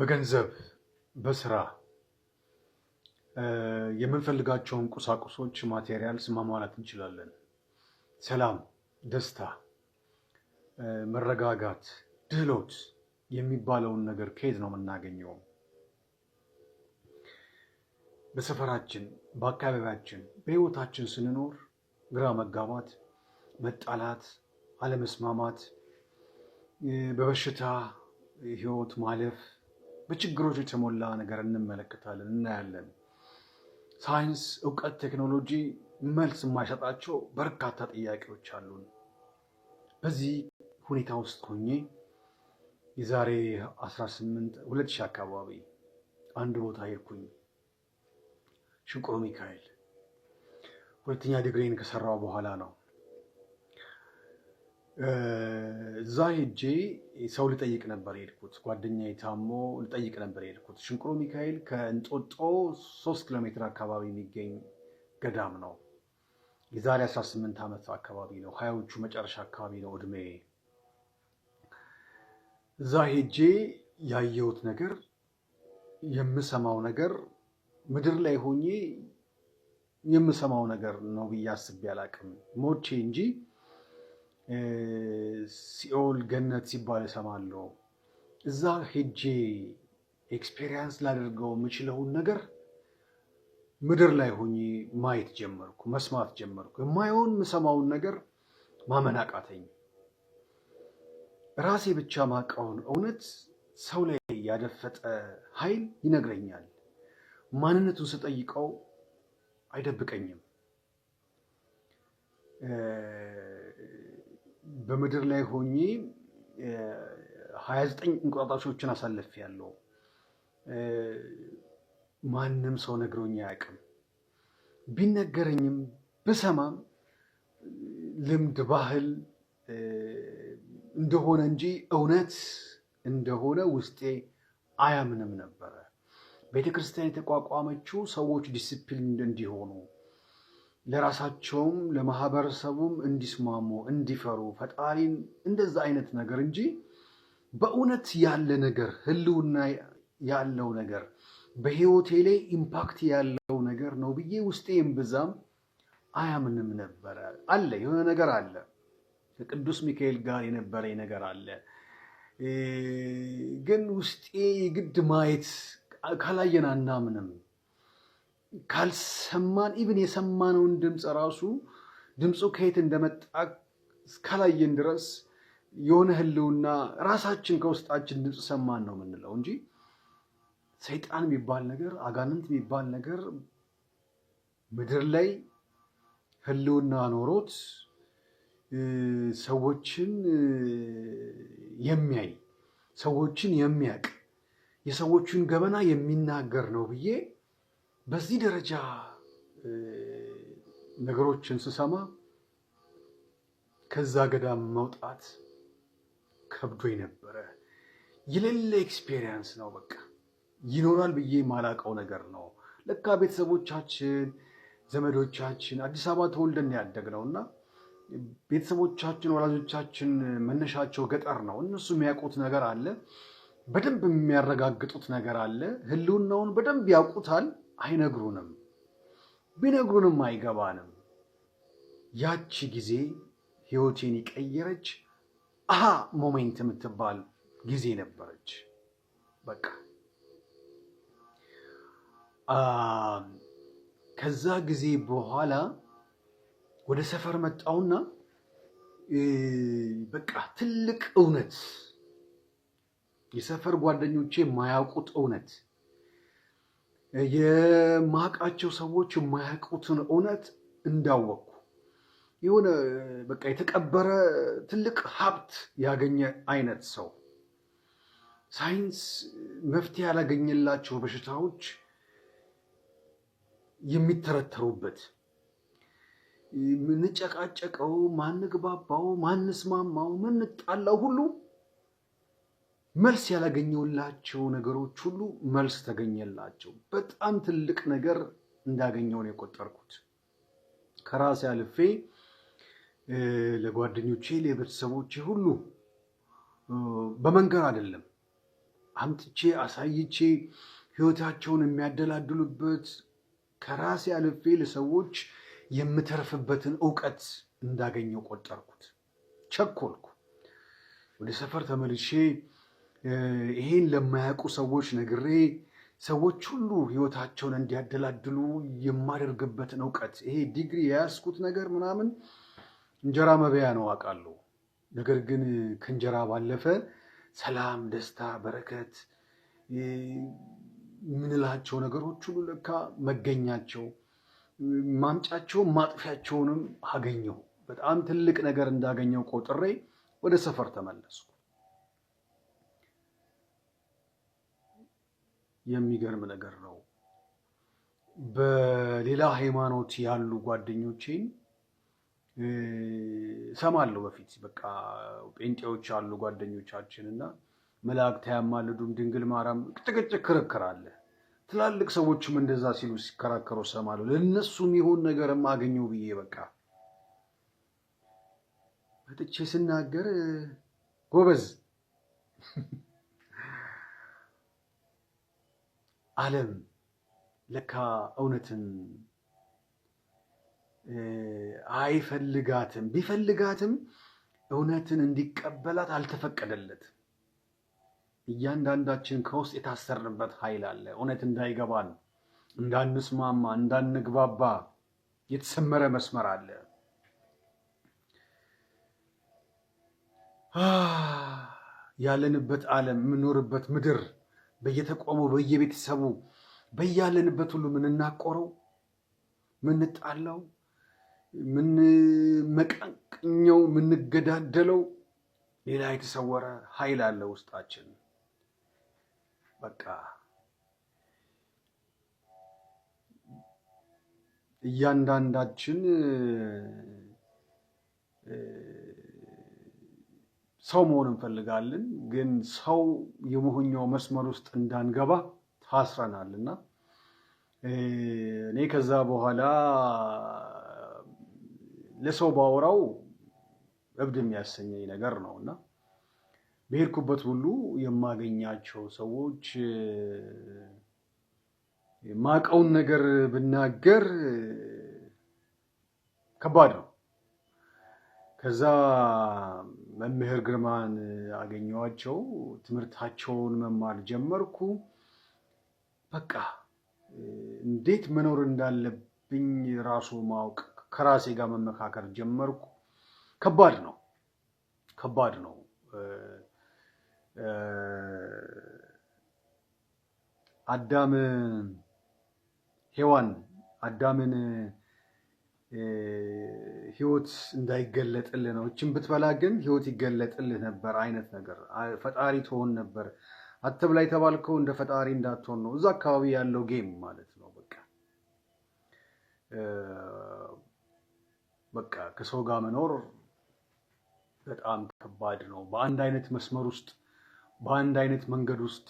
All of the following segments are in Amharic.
በገንዘብ በስራ የምንፈልጋቸውን ቁሳቁሶች ማቴሪያልስ ማሟላት እንችላለን። ሰላም፣ ደስታ፣ መረጋጋት፣ ድህሎት የሚባለውን ነገር ከየት ነው የምናገኘው? በሰፈራችን፣ በአካባቢያችን፣ በህይወታችን ስንኖር ግራ መጋባት፣ መጣላት፣ አለመስማማት፣ በበሽታ ህይወት ማለፍ በችግሮች የተሞላ ነገር እንመለከታለን፣ እናያለን። ሳይንስ፣ እውቀት፣ ቴክኖሎጂ መልስ የማይሰጣቸው በርካታ ጥያቄዎች አሉን። በዚህ ሁኔታ ውስጥ ሆኜ የዛሬ 18 አካባቢ አንድ ቦታ ሄድኩኝ ሽንቁሮ ሚካኤል ሁለተኛ ዲግሪን ከሰራው በኋላ ነው እዛ ሄጄ ሰው ልጠይቅ ነበር የሄድኩት። ጓደኛ የታሞ ልጠይቅ ነበር የሄድኩት። ሽንቁሮ ሚካኤል ከእንጦጦ ሶስት ኪሎ ሜትር አካባቢ የሚገኝ ገዳም ነው። የዛሬ 18 ዓመት አካባቢ ነው፣ ሀያዎቹ መጨረሻ አካባቢ ነው እድሜ። እዛ ሄጄ ያየሁት ነገር፣ የምሰማው ነገር፣ ምድር ላይ ሆኜ የምሰማው ነገር ነው ብዬ አስቤ አላቅም ሞቼ እንጂ ሲኦል ገነት ሲባል እሰማለሁ። እዛ ሄጄ ኤክስፔሪየንስ ላደርገው የምችለውን ነገር ምድር ላይ ሆኜ ማየት ጀመርኩ፣ መስማት ጀመርኩ። የማየውን የምሰማውን ነገር ማመን አቃተኝ። ራሴ ብቻ ማቃውን እውነት ሰው ላይ ያደፈጠ ኃይል ይነግረኛል። ማንነቱን ስጠይቀው አይደብቀኝም። በምድር ላይ ሆኜ 29 ዘጠኝ እንቁጣጣሾችን አሳልፍ ያለው ማንም ሰው ነግሮኝ አያውቅም። ቢነገረኝም ብሰማም ልምድ ባህል እንደሆነ እንጂ እውነት እንደሆነ ውስጤ አያምንም ነበረ። ቤተክርስቲያን የተቋቋመችው ሰዎች ዲስፕሊን እንዲሆኑ ለራሳቸውም ለማህበረሰቡም እንዲስማሙ እንዲፈሩ ፈጣሪን እንደዛ አይነት ነገር እንጂ በእውነት ያለ ነገር ህልውና ያለው ነገር በህይወቴ ላይ ኢምፓክት ያለው ነገር ነው ብዬ ውስጤ ብዛም አያምንም ነበረ። አለ የሆነ ነገር አለ። ከቅዱስ ሚካኤል ጋር የነበረ ነገር አለ። ግን ውስጤ ግድ ማየት ካላየን አናምንም። ካልሰማን ኢብን የሰማነውን ድምፅ ራሱ ድምፁ ከየት እንደመጣ እስካላየን ድረስ የሆነ ህልውና ራሳችን ከውስጣችን ድምፅ ሰማን ነው የምንለው እንጂ ሰይጣን የሚባል ነገር አጋንንት የሚባል ነገር ምድር ላይ ህልውና ኖሮት ሰዎችን የሚያይ ሰዎችን የሚያውቅ የሰዎችን ገበና የሚናገር ነው ብዬ በዚህ ደረጃ ነገሮችን ስሰማ ከዛ ገዳም መውጣት ከብዶ ነበረ። የሌለ ኤክስፔሪየንስ ነው። በቃ ይኖራል ብዬ የማላውቀው ነገር ነው። ለካ ቤተሰቦቻችን፣ ዘመዶቻችን አዲስ አበባ ተወልደን ያደግነው እና ቤተሰቦቻችን፣ ወላጆቻችን መነሻቸው ገጠር ነው። እነሱ የሚያውቁት ነገር አለ፣ በደንብ የሚያረጋግጡት ነገር አለ። ህልውናውን በደንብ ያውቁታል። አይነግሩንም። ቢነግሩንም አይገባንም። ያቺ ጊዜ ሕይወቴን የቀየረች አሃ ሞሜንት የምትባል ጊዜ ነበረች። በቃ ከዛ ጊዜ በኋላ ወደ ሰፈር መጣውና በቃ ትልቅ እውነት የሰፈር ጓደኞቼ የማያውቁት እውነት የማቃቸው ሰዎች የማያውቁትን እውነት እንዳወቅኩ የሆነ በቃ የተቀበረ ትልቅ ሀብት ያገኘ አይነት ሰው ሳይንስ መፍትሄ ያላገኘላቸው በሽታዎች የሚተረተሩበት ምንጨቃጨቀው፣ ማንግባባው፣ ማንስማማው፣ ምንጣላው ሁሉ መልስ ያላገኘውላቸው ነገሮች ሁሉ መልስ ተገኘላቸው። በጣም ትልቅ ነገር እንዳገኘው ነው የቆጠርኩት። ከራሴ አልፌ ለጓደኞቼ፣ ለቤተሰቦቼ ሁሉ በመንገር አይደለም አምጥቼ አሳይቼ ህይወታቸውን የሚያደላድሉበት ከራሴ አልፌ ለሰዎች የምተርፍበትን እውቀት እንዳገኘው ቆጠርኩት። ቸኮልኩ። ወደ ሰፈር ተመልሼ ይሄን ለማያውቁ ሰዎች ነግሬ ሰዎች ሁሉ ህይወታቸውን እንዲያደላድሉ የማደርግበትን እውቀት ይሄ ዲግሪ የያዝኩት ነገር ምናምን እንጀራ መብያ ነው አውቃለሁ። ነገር ግን ከእንጀራ ባለፈ ሰላም፣ ደስታ፣ በረከት የምንላቸው ነገሮች ሁሉ ለካ መገኛቸው ማምጫቸውን ማጥፊያቸውንም አገኘው በጣም ትልቅ ነገር እንዳገኘው ቆጥሬ ወደ ሰፈር ተመለስኩ። የሚገርም ነገር ነው። በሌላ ሃይማኖት ያሉ ጓደኞቼን ሰማለሁ። በፊት በቃ ጴንጤዎች አሉ ጓደኞቻችን እና መላእክት አያማልዱም ድንግል ማርያም ቅጭቅጭ ክርክር አለ። ትላልቅ ሰዎችም እንደዛ ሲሉ ሲከራከሩ ሰማለሁ። ለእነሱም የሚሆን ነገርም አገኘው ብዬ በቃ መጥቼ ስናገር ጎበዝ ዓለም ለካ እውነትን አይፈልጋትም። ቢፈልጋትም እውነትን እንዲቀበላት አልተፈቀደለት እያንዳንዳችን ከውስጥ የታሰርንበት ኃይል አለ። እውነት እንዳይገባን፣ እንዳንስማማ፣ እንዳንግባባ የተሰመረ መስመር አለ። ያለንበት ዓለም የምኖርበት ምድር በየተቋሙ በየቤተሰቡ በያለንበት ሁሉ ምንናቆረው፣ ምንጣላው፣ ምንመቃቅኘው፣ ምንገዳደለው ሌላ የተሰወረ ኃይል አለ ውስጣችን። በቃ እያንዳንዳችን ሰው መሆን እንፈልጋለን፣ ግን ሰው የመሆኛው መስመር ውስጥ እንዳንገባ ታስረናል እና እኔ ከዛ በኋላ ለሰው ባወራው እብድ የሚያሰኘኝ ነገር ነው እና በሄድኩበት ሁሉ የማገኛቸው ሰዎች የማውቀውን ነገር ብናገር ከባድ ነው። ከዛ መምህር ግርማን አገኘዋቸው። ትምህርታቸውን መማር ጀመርኩ። በቃ እንዴት መኖር እንዳለብኝ ራሱ ማወቅ ከራሴ ጋር መመካከር ጀመርኩ። ከባድ ነው፣ ከባድ ነው። አዳም ሔዋን አዳምን ህይወት እንዳይገለጥልህ ነው። እችን ብትበላ ግን ህይወት ይገለጥልህ ነበር አይነት ነገር ፈጣሪ ትሆን ነበር። አትብላ የተባልከው እንደ ፈጣሪ እንዳትሆን ነው። እዛ አካባቢ ያለው ጌም ማለት ነው። በቃ በቃ ከሰው ጋር መኖር በጣም ከባድ ነው። በአንድ አይነት መስመር ውስጥ በአንድ አይነት መንገድ ውስጥ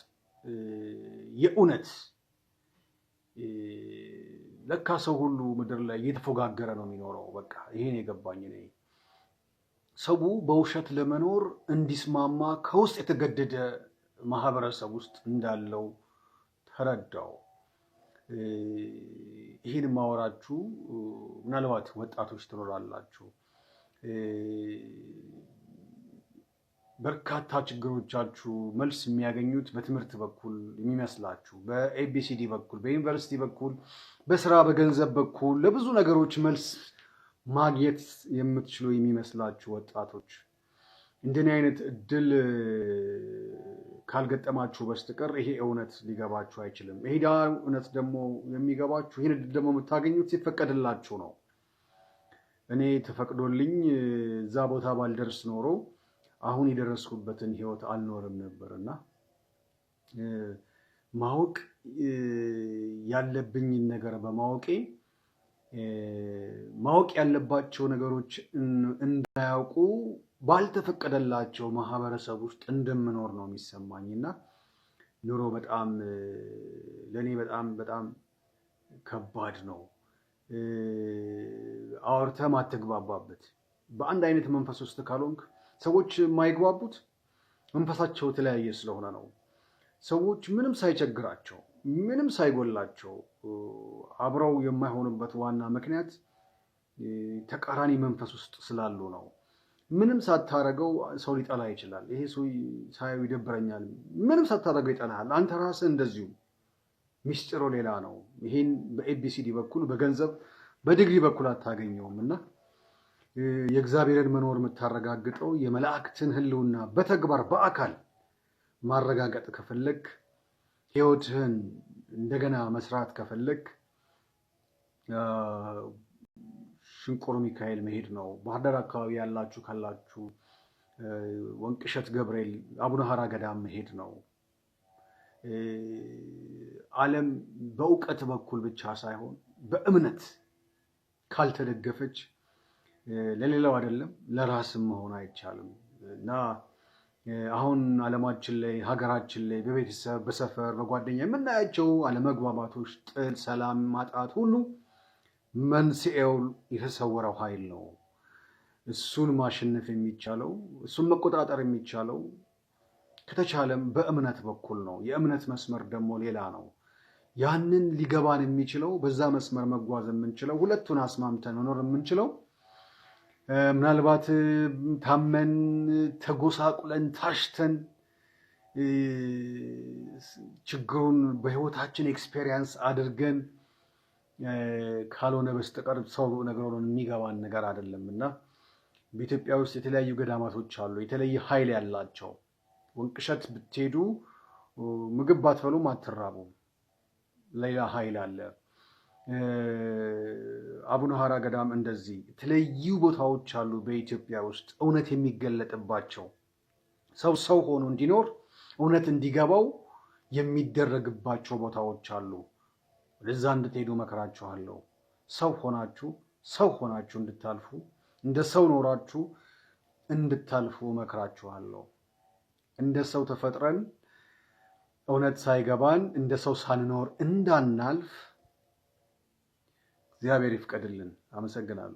የእውነት ለካ ሰው ሁሉ ምድር ላይ እየተፎጋገረ ነው የሚኖረው። በቃ ይሄን የገባኝ እኔ ሰው በውሸት ለመኖር እንዲስማማ ከውስጥ የተገደደ ማህበረሰብ ውስጥ እንዳለው ተረዳው። ይህን ማወራችሁ ምናልባት ወጣቶች ትኖራላችሁ። በርካታ ችግሮቻችሁ መልስ የሚያገኙት በትምህርት በኩል የሚመስላችሁ፣ በኤቢሲዲ በኩል፣ በዩኒቨርሲቲ በኩል፣ በስራ በገንዘብ በኩል ለብዙ ነገሮች መልስ ማግኘት የምትችሉ የሚመስላችሁ ወጣቶች እንደኔ አይነት እድል ካልገጠማችሁ በስተቀር ይሄ እውነት ሊገባችሁ አይችልም። ይሄ እውነት ደግሞ የሚገባችሁ ይህን እድል ደግሞ የምታገኙት ሲፈቀድላችሁ ነው። እኔ ተፈቅዶልኝ እዛ ቦታ ባልደርስ ኖሮ አሁን የደረስኩበትን ህይወት አልኖርም ነበር እና ማወቅ ያለብኝን ነገር በማወቄ ማወቅ ያለባቸው ነገሮች እንዳያውቁ ባልተፈቀደላቸው ማህበረሰብ ውስጥ እንደምኖር ነው የሚሰማኝ እና ኑሮ በጣም ለእኔ በጣም በጣም ከባድ ነው። አውርተህ ማትግባባበት በአንድ አይነት መንፈስ ውስጥ ካልሆንክ ሰዎች የማይግባቡት መንፈሳቸው የተለያየ ስለሆነ ነው። ሰዎች ምንም ሳይቸግራቸው ምንም ሳይጎላቸው አብረው የማይሆኑበት ዋና ምክንያት ተቃራኒ መንፈስ ውስጥ ስላሉ ነው። ምንም ሳታረገው ሰው ሊጠላ ይችላል። ይሄ ሰው ሳየው ይደብረኛል። ምንም ሳታረገው ይጠላል አንተ ራስ እንደዚሁ። ሚስጢሩ ሌላ ነው። ይሄን በኤቢሲዲ በኩል በገንዘብ በዲግሪ በኩል አታገኘውም እና የእግዚአብሔርን መኖር የምታረጋግጠው የመላእክትን ህልውና በተግባር በአካል ማረጋገጥ ከፈለግ፣ ህይወትህን እንደገና መስራት ከፈለግ ሽንቆሮ ሚካኤል መሄድ ነው። ባህር ዳር አካባቢ ያላችሁ ካላችሁ ወንቅሸት ገብርኤል፣ አቡነ ሀራ ገዳም መሄድ ነው። ዓለም በእውቀት በኩል ብቻ ሳይሆን በእምነት ካልተደገፈች ለሌላው አይደለም ለራስም መሆን አይቻልም እና አሁን አለማችን ላይ ሀገራችን ላይ በቤተሰብ በሰፈር በጓደኛ የምናያቸው አለመግባባቶች፣ ጥል፣ ሰላም ማጣት ሁሉ መንስኤው የተሰወረው ኃይል ነው። እሱን ማሸነፍ የሚቻለው እሱን መቆጣጠር የሚቻለው ከተቻለም በእምነት በኩል ነው። የእምነት መስመር ደግሞ ሌላ ነው። ያንን ሊገባን የሚችለው በዛ መስመር መጓዝ የምንችለው ሁለቱን አስማምተን መኖር የምንችለው ምናልባት ታመን ተጎሳቁለን ታሽተን ችግሩን በህይወታችን ኤክስፔሪየንስ አድርገን ካልሆነ በስተቀር ሰው ነገሮ የሚገባን ነገር አይደለም እና በኢትዮጵያ ውስጥ የተለያዩ ገዳማቶች አሉ። የተለየ ኃይል ያላቸው ወንቅሸት ብትሄዱ ምግብ ባትበሉም አትራቡም። ሌላ ኃይል አለ። አቡነ ሀራ ገዳም እንደዚህ የተለዩ ቦታዎች አሉ በኢትዮጵያ ውስጥ እውነት የሚገለጥባቸው ሰው ሰው ሆኖ እንዲኖር እውነት እንዲገባው የሚደረግባቸው ቦታዎች አሉ። ወደዛ እንድትሄዱ መከራችኋለሁ። ሰው ሆናችሁ ሰው ሆናችሁ እንድታልፉ እንደ ሰው ኖራችሁ እንድታልፉ መከራችኋለሁ። እንደ ሰው ተፈጥረን እውነት ሳይገባን እንደ ሰው ሳንኖር እንዳናልፍ እግዚአብሔር ይፍቀድልን። አመሰግናለሁ።